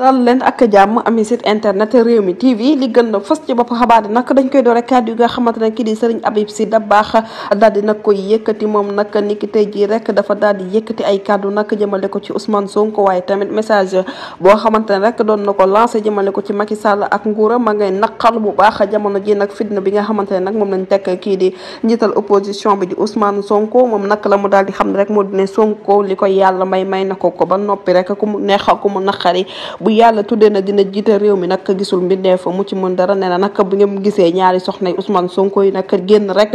dal leen ak jàmm ami site internet réew mi tv li gën a fës ci bopp xabaar yi nag dañ koy doore kàddu yi nga xamante ne kii di sëriñ Abib Sy Dabakh daal di nag koy yëkkati moom nag ni ki tey jii rek dafa daal di yëkkati ay kàddu nag jëmale ko ci Ousmane Sonko waaye tamit message boo xamante ne rek doon na ko lancé jëmale ko ci Macky Sall ak nguuram ma ngay naqal bu baax jamono ji nag fitna bi nga xamante ne nag moom lañ tekk kii di njiital opposition bi di Ousmane Sonko moom nag la mu daal di xam ne rek moo di ne Sonko li koy yàlla may may na ko ko ba noppi rek ku mu neex ku mu naqari bu yàlla tuddee na dina jiite réew mi nag gisul mbindeef mu ci mën dara nee na nag bu ngeen gisee ñaari soxna Ousmane Sonko yi nag génn rek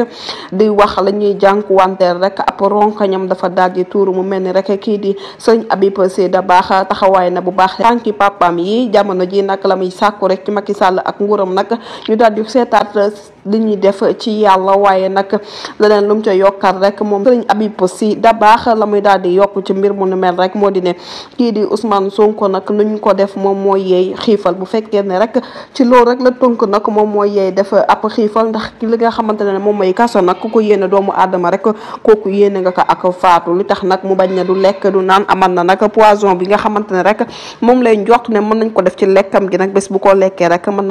di wax la ñuy jànkuwanteel rek ab ronkañam dafa daal di mu mel ni rek kii di sëñ Habib Sy Dabakh taxawaay na bu baax tànki papaam yi jamono ji nag la muy sàkku rek ci Macky Sall ak nguuram nag ñu daal di seetaat li ñuy def ci yàlla waaye nag leneen lu mu ca rek moom sëñ Habib Sy Dabakh la muy daal di yokk ci mbir mu nu mel rek moo di ne def moom mooy yeey xiifal bu fekkee ne rek ci loolu rek la tënk nag moom mooy yeey def ab xiifal ndax ki li nga xamante ne moom mooy kaso nag ku ak faatu li tax nag mu bañ ne moom lay njort ne mën nañ ko def ci lekkam gi nag bés bu ko lekkee rek moom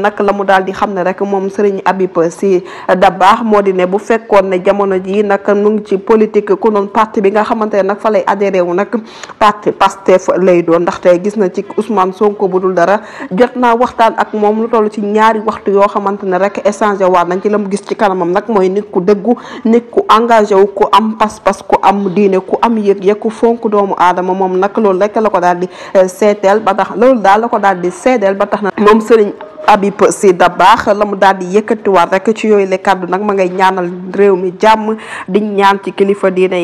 nag la mu daal di xam ne rek moom sëriñ Abib Sy Dabakh moo di ne bu fekkoon ne jamono ji nag mu ngi ci politique ku noon parti bi nga xamante nag fa lay adhéré wu nag parti Pastef lay doon ndaxte gis na ci Ousmane sonk bu dul dara jot naa waxtaan ak moom lu toll ci ñaari waxtu yoo xamante ne rek échangé waat nañ ci la mu gis ci kanamam nag mooy nit ku dëggu nit engagé wu ku am pas-pas ku am diine ku am yëg-yëg fonk doomu aadama moom nag loolu rek la ko daal di eh, seeteel ba tax loolu daal la ko daal di seedeel ba tax na moom sëriñ Habib Sy Dabakh la mu daal di yëkkatiwaat rek ci yooyu le kàddu nag ma ngay ñaanal réew mi jàmm di ñaan ci kilifa diine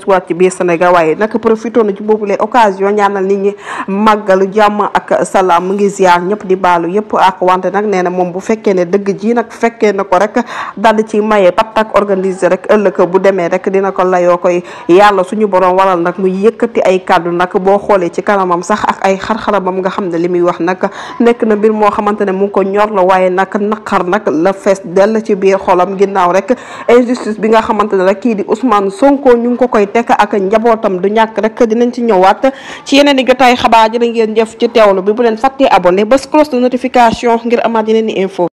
dellusiwaat ci biir Sénégal waaye nag profité na ci boobu les occasion ñaanal nit ñi màggalu jàmm ak salaam mu ngi ziar ñëpp di baalu yëpp ak wante nag nee na moom bu fekkee ne dëgg ji nag fekkee na ko rek daldi ci maye pat ak organiser rek ëllëg bu demee rek dina ko layoo koy yàlla suñu boroom waral nag mu yëkkati ay kàddu nag boo xoolee ci kanamam sax ak ay xar-xarabam nga xam ne li muy wax nag nekk na mbir moo xamante ne mu ngi ko ñor la waaye nag naqar nag la fees dell ci biir xolam ginnaaw rek injustice tek ak njabootam du ñàkk rek dinañ ci ñëwaat ci yeneen i jotaay xabaar jërë ngeen jëf ci teewlu bi bu leen fàttee abonné bas cloche de notification ngir amaat yeneen i info